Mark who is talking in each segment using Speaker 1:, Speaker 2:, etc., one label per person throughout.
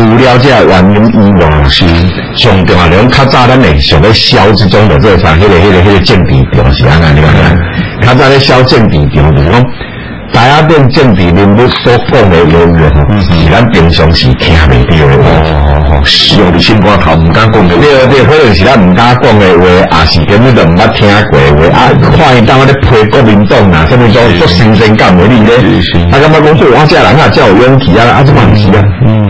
Speaker 1: 除了這個原因以外，是上重要，較早咱咧想要消這種的，這啥迄個、迄個、迄個政敵，同時安那了了。較早咧消政敵，就是講大家變政治人物所講的內容，是咱平常時聽未到的。哦哦哦，的你新官頭唔敢講的，對對，可能是咱唔敢講的話，也是根本都唔捌聽過的話。啊，看伊當我在批國民黨呐，這種作新鮮感的呢咧。他敢要講說我這人啊，就有勇氣啊，啊，這嘛是啊。嗯。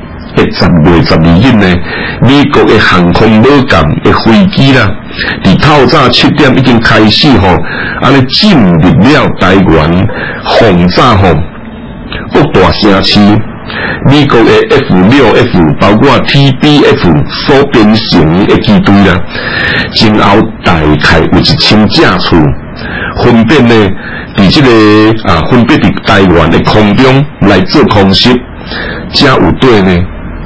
Speaker 1: 十月十二日呢，美國嘅航空母艦嘅飛機啦，佇透早七點已經開始吼，安尼進入了台灣轟炸吼各大城市。美國嘅 F 六、F 包括 T B F，所邊上面嘅機隊啦，先後大概有一千架次，分別呢佇這個啊，分別佇台灣嘅空中來做空襲，真有對呢？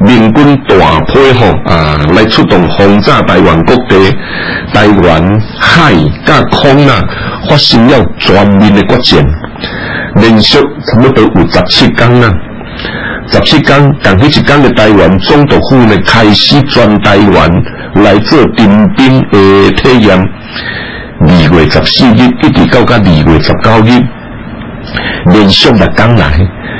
Speaker 1: 民軍大配合、哦、啊，來出動轟炸台灣各地，台灣海甲空啊，發生了全面嘅決戰，連續差唔多有十七天啊，十七天但係一天嘅台灣總督府咧開始轉台灣來做定點嘅體驗，二月十四日一直到佢二月十九日，連續六天來。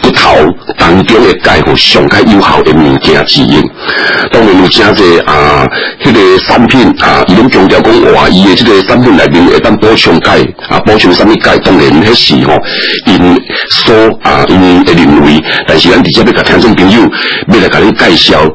Speaker 2: 骨頭當中嘅鈣素上加有效嘅物件之一，當然有加這些啊，迄、那個產品啊，伊攏強調講話，伊嘅這個產品內面會當補充鈣，啊補充啥物鈣，當然唔係事吼，因所啊因認為，但是咱直接要甲聽眾朋友，要來甲你介紹。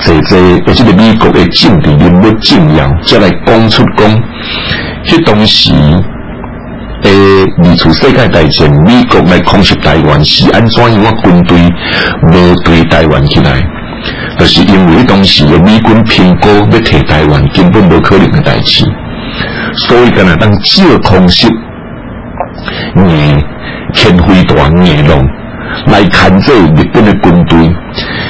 Speaker 1: 在在，而且咧，美國的政治人物講講、軍糧，再來講出講這東西，誒，二次世界大戰，美國來控制台灣，是安怎樣？我軍隊沒對台灣起來，都、就是因為當時嘅美軍評估，要提台灣根本冇可能嘅代志，所以講咧，當只要空襲，以天灰團夜浪來看這日本嘅軍隊。